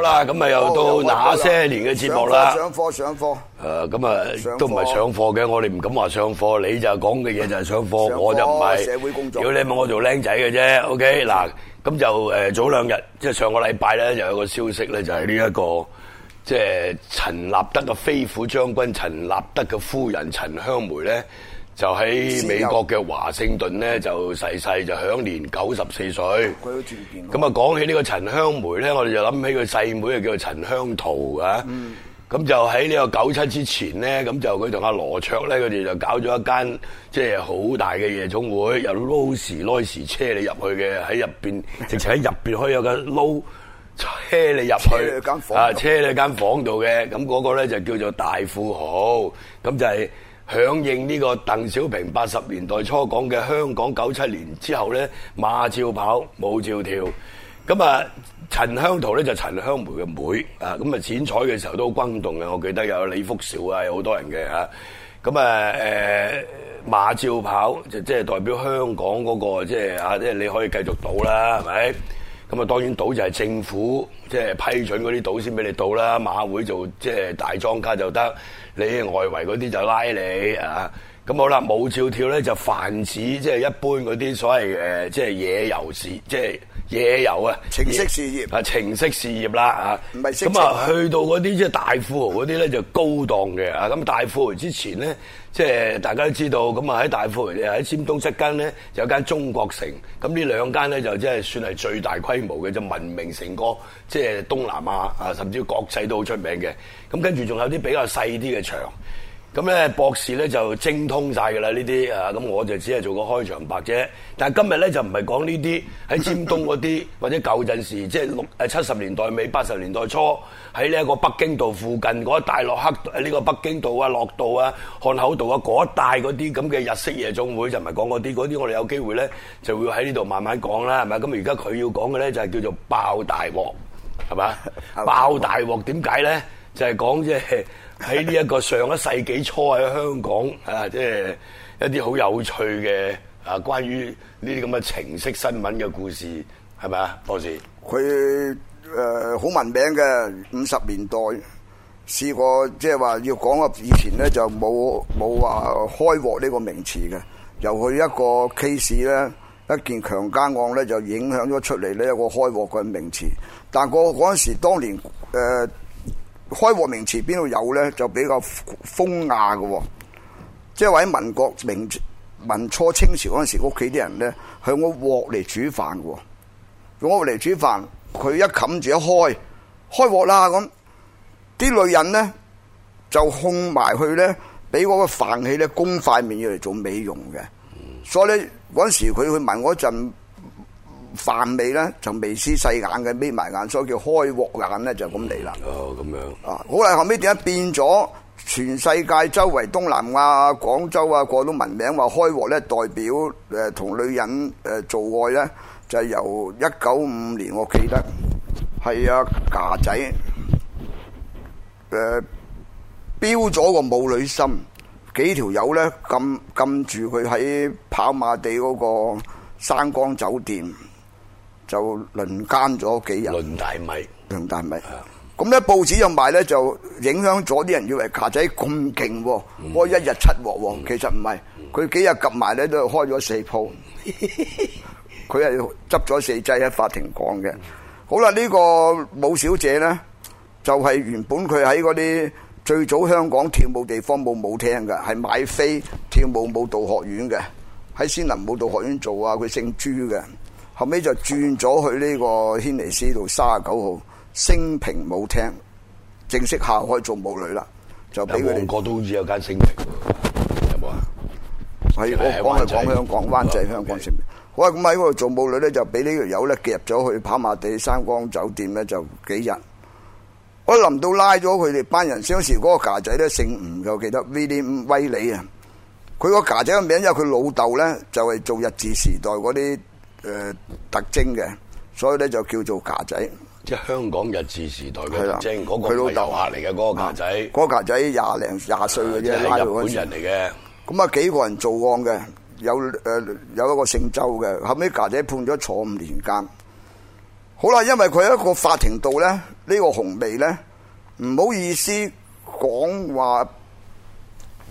好啦，咁咪又到那些年嘅節目啦，上課上課。咁啊都唔係上課嘅，呃，我哋唔敢話上課。你就講嘅嘢就係上課，上課我就唔係。社會工作。如果你問我做僆仔嘅啫，OK 嗱，咁就早兩日即係上個禮拜咧，就有個消息咧，就係呢一個即係，就係，陳立德嘅飛虎將軍陳立德嘅夫人陳香梅咧。就喺美國嘅華盛頓咧，就逝世就享年九十四歲。咁啊，講起呢個陳香梅咧，我哋就諗起佢細妹啊，叫做陳香桃啊。咁、嗯、就喺呢個九七之前咧，咁就佢同阿羅卓咧，佢哋就搞咗一間即係好大嘅夜總會，由勞斯萊斯車你入去嘅，喺入邊，直情喺入邊可以有個勞斯車你入去啊， 車你間房度嘅。咁、那、嗰個咧就叫做大富豪，咁就係、是。響應呢個鄧小平八十年代初講嘅香港九七年之後咧，馬照跑，舞照跳。咁啊，陳香桃咧就陳香梅嘅妹啊。咁啊，剪彩嘅時候都好轟動嘅。我記得有李福兆啊，有好多人嘅嚇。咁啊，誒馬照跑就即係代表香港嗰個即係啊，即係你可以繼續賭啦，係咪？咁啊，當然賭就係政府即係批准嗰啲賭先俾你賭啦。馬會做即係大莊家就得。你外圍嗰啲就拉你啊！咁好啦，舞照跳咧就泛指即係一般嗰啲所謂誒，即係野遊市，即係野遊啊，情色事業啊，色情色事業啦啊。咁啊，去到嗰啲即係大富豪嗰啲咧就高檔嘅啊。咁大富豪之前咧，即係大家都知道，咁啊喺大富豪喺尖東側間咧有間中國城，咁呢兩間咧就即係算係最大規模嘅，就聞名成個，即係東南亞啊，甚至國際都好出名嘅。咁跟住仲有啲比較細啲嘅場。咁咧博士咧就精通晒㗎啦，呢啲啊咁我就只係做個開場白啫。但係今日咧就唔係講呢啲喺尖東嗰啲 或者舊陣時，即係六七十年代尾八十年代初喺呢一個北京道附近嗰一帶洛克呢個北京道啊、樂道啊、漢口道啊嗰一帶嗰啲咁嘅日式夜總會就唔係講嗰啲，嗰啲我哋有機會咧就會喺呢度慢慢講啦，係咪？咁而家佢要講嘅咧就係叫做爆大鑊，係咪？ 爆大鑊點解咧？就係講即係喺呢一個上一世紀初喺香港啊，即係一啲好有趣嘅啊，關於呢啲咁嘅情色新聞嘅故事，係咪啊？當時佢誒好聞名嘅五十年代試過，即係話要講個以前咧就冇冇話開鑊呢個名詞嘅，由佢一個 case 咧一件強姦案咧就影響咗出嚟咧一個開鑊嘅名詞，但係我嗰陣時當年誒。呃開鑊名詞，邊度有咧？就比較風雅嘅。哦，即係話喺民國、明、民初清、清朝嗰陣時，屋企啲人咧向個鑊嚟煮飯喎。哦。用鑊嚟煮飯，佢一冚住一開，開鑊啦咁，啲女人咧就控埋去咧，俾嗰個飯氣咧攻塊面嚟做美容嘅，所以咧嗰陣時佢去聞我一陣。凡味咧就未施細眼嘅眯埋眼，所以叫開鑊眼咧就咁嚟啦。哦，咁樣啊，好啦，後尾點解變咗全世界周圍東南亞、廣州啊，過到聞名話開鑊咧，代表誒同女人誒做愛咧，就由一九五年我記得係阿牙仔誒標咗個母女心，幾條友咧撳撳住佢喺跑馬地嗰個山光酒店，就輪奸咗幾日，輪大米，輪大米。咁咧，報紙又賣咧，就影響咗啲人以為卡仔咁勁喎，我一日七鑊喎。其實唔係，佢幾日夾埋咧都係開咗四鋪。佢係執咗四劑喺法庭講嘅。好啦，呢個舞小姐咧，就係原本佢喺嗰啲最早香港跳舞地方冇舞廳嘅，係買飛跳舞舞蹈學院嘅，喺仙林舞蹈學院做啊。佢姓朱嘅。後尾就轉咗去呢個軒尼詩道三十九號升平舞廳，正式下開做舞女啦，就俾佢。我都好似有間升平，有冇啊？係我講係講香港灣仔香港升平。我咁喺嗰度做舞女咧，就俾呢個友咧，夾咗去跑馬地山光酒店咧，就幾日。我臨到拉咗佢哋班人相識嗰個牙仔咧，姓吳，我記得威李啊？佢個牙仔嘅名，因為佢老豆咧就係做日治時代嗰啲。誒，特徵嘅，所以咧就叫做㗎仔。即係香港日治時代嘅特徵，嗰個係佢老豆嚟嘅嗰個㗎仔。嗰個㗎仔廿零廿歲嘅啫，係日本人嚟嘅。咁啊，幾個人做案嘅，有誒、呃、有一個姓周嘅，後屘㗎仔判咗坐五年監。好啦，因為佢一個法庭度咧，呢、這個紅眉咧，唔好意思講話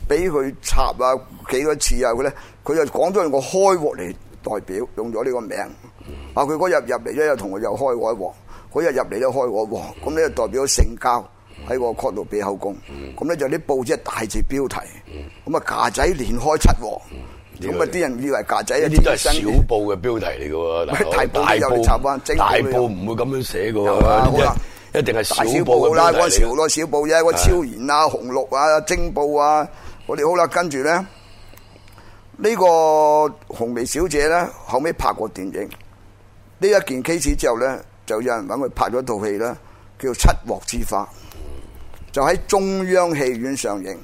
俾佢插啊，幾多次啊佢咧，佢就講咗個開鑊嚟。代表用咗呢個名。啊佢嗰日入嚟咧又同我又開我一鑊，佢又入嚟都開我一鑊，咁咧就代表性交喺個 c o d 度俾后供，咁咧、嗯、就啲報紙大字標題，咁啊架仔連開七鑊，咁啊啲人以為架仔啊，呢啲都係小報嘅標題嚟嘅喎，大報又你插翻，大報唔會咁樣寫嘅喎，啊、好啦一定係小報啦。標題嚟嘅、那個，小報有嗰超然啊、紅綠精啊、正報啊我哋好啦，跟住咧。呢個紅眉小姐咧，後尾拍過電影。呢一件 case 之後咧，就有人搵佢拍咗一套戲啦，叫《七鑊之花》，就喺中央戲院上映。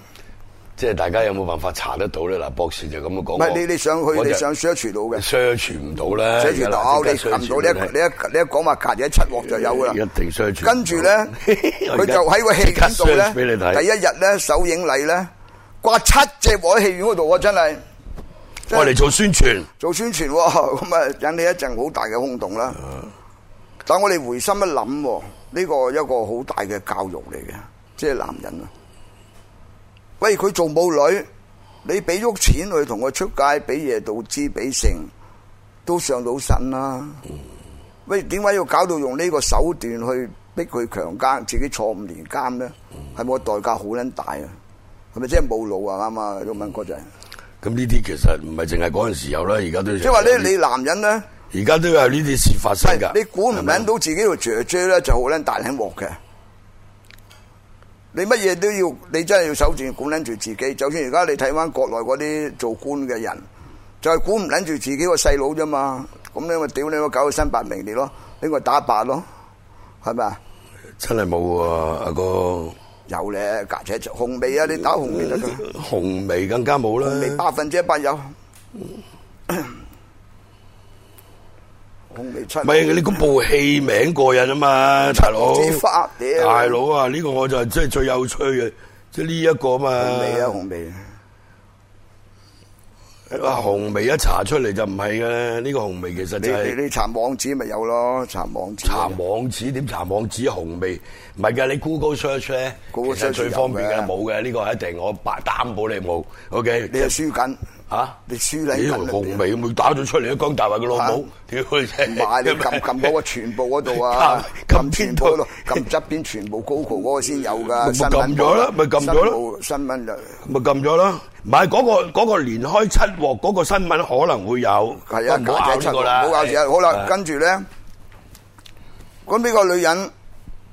即係大家有冇辦法查得到咧？嗱，博士就咁樣講。唔係你你想去，你上 search 到嘅。search 唔到咧 search 你唔到你，你一你一講話夾嘢七鑊就有啦。一定 search。跟住咧，佢就喺個戲院度咧，第一日咧首映禮咧，掛七隻鑊喺戲院嗰度啊，真係。我嚟做宣傳，做宣傳咁啊，哦、引起一陣好大嘅轟動啦。Yeah. 但我哋回心一諗，呢、這個一個好大嘅教育嚟嘅，即係男人啊。喂，佢做母女，你俾咗錢佢同佢出街，俾嘢導知俾成都上到腎啦。Mm. 喂，點解要搞到用呢個手段去逼佢強奸，自己坐五年監呢，係咪、mm. 代價好捻大是是是啊？係咪真係冇腦啊？啱啊、就是，毓民國仔。咁呢啲其實唔係淨係嗰陣時候啦，而家都即係話咧，你男人咧，而家都有呢啲事發生噶。你估唔捻到自己個姐姐 e 咧就好捻大捻鑊嘅。你乜嘢都要，你真係要守住，管捻住自己。就算而家你睇翻國內嗰啲做官嘅人，就係估唔捻住自己弟弟個細佬啫嘛。咁你咪屌你個九新八名你咯，呢個打八咯，係咪啊？真係冇喎，阿哥。有咧，隔籬紅味啊！你打紅味得噶，紅味更加冇啦，百分之一百有。紅味出，唔係你嗰部戲名過癮啊嘛，大佬。大佬啊，呢個我就即係最有趣嘅，即係呢一個嘛。紅味呀，紅味。阿紅眉一查出嚟就唔係嘅，呢、呢個紅眉其實、就是、你你,你查網址咪有咯，查網址。查網址點查網址？網址紅眉唔係嘅，你 Go 呢 Google search 咧，其實最方便嘅，冇嘅呢個一定，我白擔保你冇。OK，你係輸緊。吓！你梳理紅眉咪打咗出嚟啊！江大衛嘅老母，屌你！唔買你撳撳波啊！全部嗰度啊，撳天台咯，撳側邊全部高告嗰個先有噶。咪撳咗啦，咪撳咗啦！新聞量咪撳咗啦。唔係嗰個嗰個連開七鑊嗰個新聞可能會有。係啊，唔好講呢個啦，唔好講呢個。好啦，跟住咧，咁呢個女人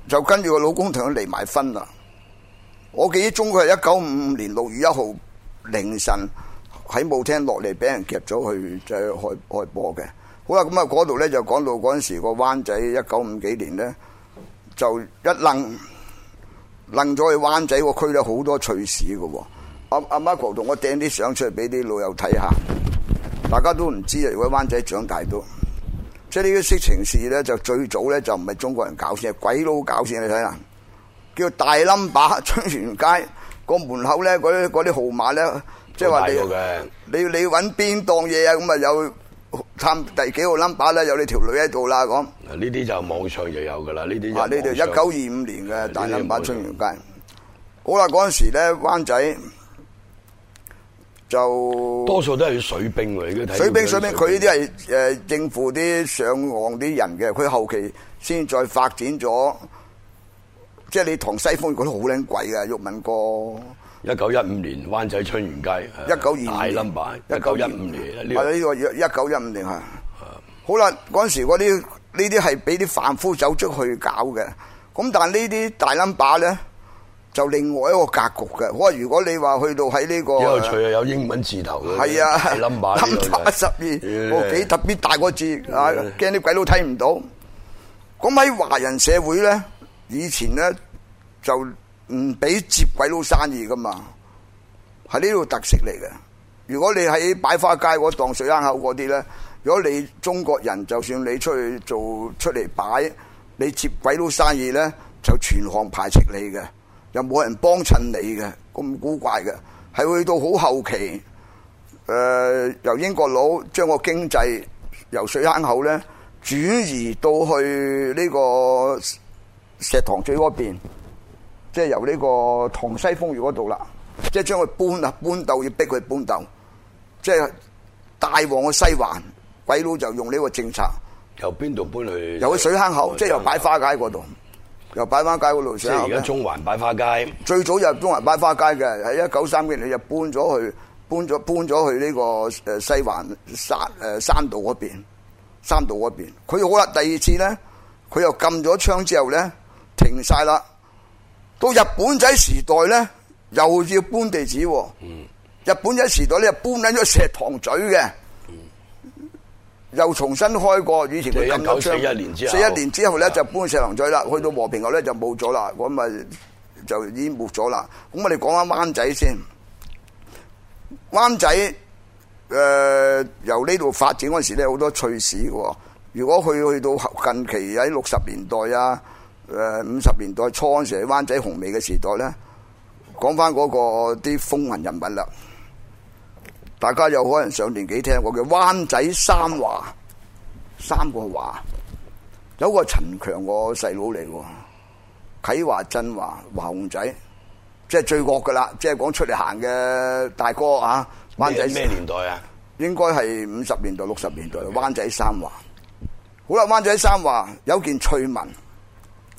就跟住個老公同佢離埋婚啦。我記憶中佢係一九五五年六月一號凌晨。喺舞廳落嚟，俾人夾咗去就開開播嘅。的好啦，咁啊嗰度咧就講到嗰陣時個灣仔一九五幾年咧，就一楞楞咗去灣仔個區咧好多趣事嘅喎、啊。阿阿 m a r c 同我掟啲相出嚟俾啲老友睇下，大家都唔知啊！如果灣仔長大都，即係呢啲色情事咧，就最早咧就唔係中國人搞先，係鬼佬搞先。你睇啦，叫大冧 u m b 春園街個門口咧，嗰啲號碼咧。即係話你，你，你你要揾邊檔嘢啊？咁啊有參第幾個 number 咧？有你條女喺度啦咁。嗱呢啲就網上就有噶啦，呢啲。嗱呢度一九二五年嘅大 number，春園街。好啦，嗰陣時咧灣仔就多數都係水兵嚟嘅，睇。水兵水兵，佢呢啲係誒政府啲上岸啲人嘅，佢後期先再發展咗。即係你同西方覺得好靚鬼噶，毓民哥。一九一五年，灣仔春園街，大冧巴。一九一五年，呢個呢個一九一五年係。好啦，嗰陣時嗰啲呢啲係俾啲凡夫走卒去搞嘅。咁但係呢啲大冧巴咧，就另外一個格局嘅。我話如果你話去到喺呢個有趣又有英文字頭嘅，係啊，大冧巴十二，我幾特別大個字，驚啲鬼佬睇唔到。咁喺華人社會咧，以前咧就。唔俾接鬼佬生意噶嘛，係呢度特色嚟嘅。如果你喺擺花街嗰檔水坑口嗰啲呢，如果你中國人，就算你出去做出嚟擺，你接鬼佬生意呢，就全行排斥你嘅，又冇人幫襯你嘅，咁古怪嘅。係去到好後期，誒、呃，由英國佬將個經濟由水坑口呢轉移到去呢個石塘咀嗰邊。即係由呢個塘西風月嗰度啦，即係將佢搬啊，搬到要逼佢搬到，即係大王嘅西環，鬼佬就用呢個政策。由邊度搬去？由水坑口，即係由擺花街嗰度，由擺花街嗰度。即係而家中環擺花街。最早就中環擺花街嘅，喺一九三幾年，就搬咗去，搬咗搬咗去呢個誒西環山誒山道嗰邊，山道嗰邊。佢好啦，第二次咧，佢又禁咗娼之後咧，停晒啦。到日本仔時代咧，又要搬地址。嗯，日本仔時代咧，又搬緊咗石塘咀嘅，嗯、又重新開過。以前佢一九四一年之後四一年之後咧，就搬石塘咀啦。嗯、去到和平後咧，就冇咗啦。咁咪就已經冇咗啦。咁我哋講翻灣仔先，灣仔誒、呃、由呢度發展嗰陣時咧，好多趣事喎。如果去去到近期喺六十年代啊～誒，五十年代初時灣仔紅味嘅時代咧，講翻嗰個啲風雲人物啦。大家有可能上年紀聽過嘅灣仔三華，三個華，有個陳強個細佬嚟喎，啟華、振華、華雄仔，即係最惡噶啦，即係講出嚟行嘅大哥啊。灣仔咩年代啊？應該係五十年代、六十年代。灣仔三華好啦，灣仔三華有件趣聞。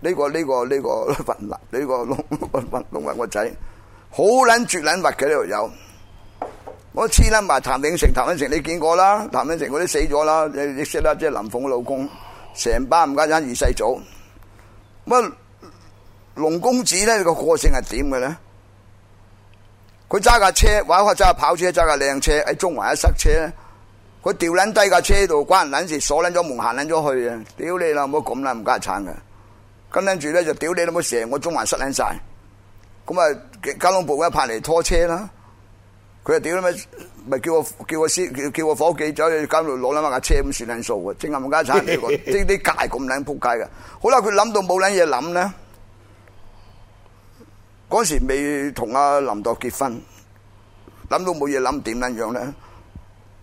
呢、這個呢、這個呢、這個呢、這個龍雲雲龍雲個仔好捻絕捻滑嘅，呢度有，我黐捻埋譚永成譚永成你見過啦，譚永成嗰啲死咗啦，你識啦，即係林鳳嘅老公，成班冚家鏟二世祖乜龍公子咧，個個性係點嘅咧？佢揸架車或者話，揸架跑車揸架靚車喺中環一塞車，佢掉捻低架車度關人撚事鎖捻咗門行捻咗去啊！屌你啦，唔好咁啦，冚家鏟。跟住咧就屌你都冇成，我中環失撚晒，咁啊交通部一派嚟拖車啦，佢又屌你咪叫我叫我司叫我伙計走去公路攞兩架車咁算數嘅，正冚家鏟呢啲界咁撚扑街嘅，好啦，佢諗到冇捻嘢諗咧，嗰時未同阿林度結婚，諗到冇嘢諗點捻樣咧，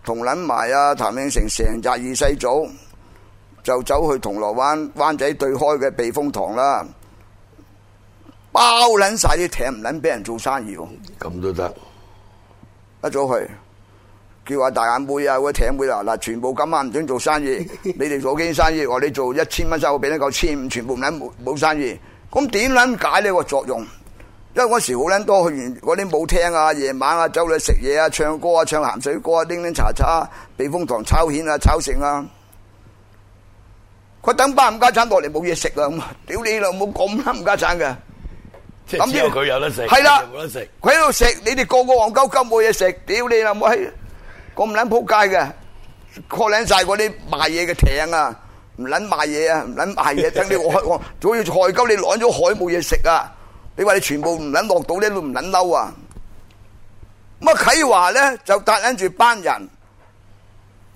同捻埋阿譚詠成成扎二世祖。就走去銅鑼灣灣仔對開嘅避風塘啦，包捻晒啲艇唔捻俾人做生意喎，咁都得。一早去，叫阿大眼妹啊，者艇妹啊，嗱，全部今晚唔准做生意， 你哋做緊生意，我哋做一千蚊就俾你九千，全部唔捻冇冇生意。咁點捻解呢個作用？因為嗰時好捻多去完嗰啲冇廳啊、夜晚啊、走嚟食嘢啊、唱歌啊、唱鹹水歌啊、叮叮查查，避風塘炒蜆啊、抽剩啊。佢等班冚家鏟落嚟冇嘢食啦！屌你啦，冇咁啱冚家鏟嘅。咁即係佢有得食，係啦，冇得食。佢喺度食，你哋個個戇鳩鳩冇嘢食。屌你啦，冇喺咁撚仆街嘅，過撚曬嗰啲賣嘢嘅艇啊，唔撚賣嘢啊，唔撚賣嘢。聽啲我開講，仲要菜金你攔咗海冇嘢食啊！你話你全部唔撚落到咧，唔撚嬲啊！咁啊啟華咧就帶撚住班人，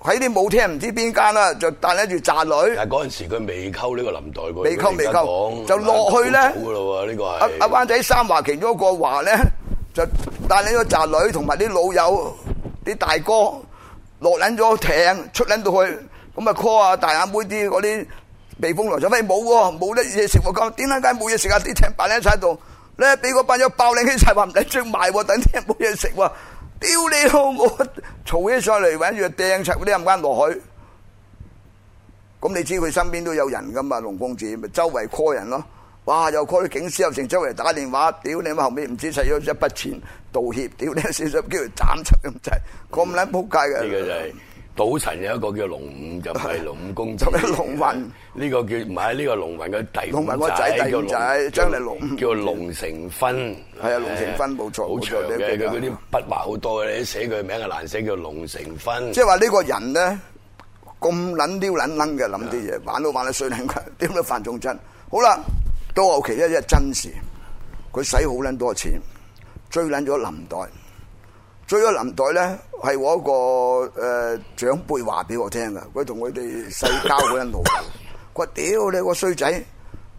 喺啲舞廳唔知邊間啦，就帶住住侄女。但係嗰陣時佢未溝呢個林黛嗰，未溝未溝，追就落去咧。老啦喎，呢、啊、個係。阿阿彎仔三華其中一個華咧，就帶住個侄女同埋啲老友、啲大哥落捻咗艇出捻到去，咁啊 call 啊大眼妹啲嗰啲避風塘，就喂，冇喎，冇啲嘢食喎。咁點解解冇嘢食啊？啲艇擺喺晒度咧，俾嗰班人爆靚起晒，話唔使出賣，等啲人冇嘢食喎。屌你！我嘈起上嚟，揾住掟柒嗰啲人翻落去。咁你知佢身邊都有人噶嘛？龍公子咪周圍 call 人咯。哇！又 call 啲警司，又成周圍打電話。屌你！後尾唔知使咗一筆錢道歉。屌你！少少叫佢斬柒咁滯，咁撚撲街嘅。賭神有一個叫龍五，就係龍五公，就係龍雲。呢個叫唔係呢個龍雲嘅第五仔，龍雲個仔第五仔，將你龍叫龍成芬。係啊，龍成芬冇錯，好長嘅，佢嗰啲筆畫好多嘅，寫佢名嘅難寫，叫龍成芬。即係話呢個人咧，咁撚丟撚撚嘅諗啲嘢，玩都玩得衰，撚嘅，點都犯眾憎。好啦，到後期一一真事，佢使好撚多錢，追撚咗林黛。追咗林黛咧，係我一個誒、呃、長輩話俾我聽噶，佢同佢哋細交嗰陣老友，我屌你個衰仔！誒、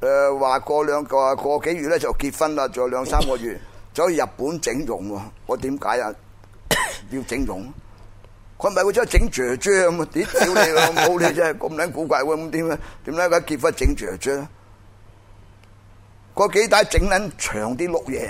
呃，話過兩個啊，過幾月咧就結婚啦，仲有兩三個月，走去日本整容喎。我點解啊？要整容？佢唔係我走去整雀雀咁啊？點屌你老、啊、母，你啫，咁捻古怪喎！咁點啊？點咧？佢結婚整雀雀，嗰幾大整捻長啲碌嘢。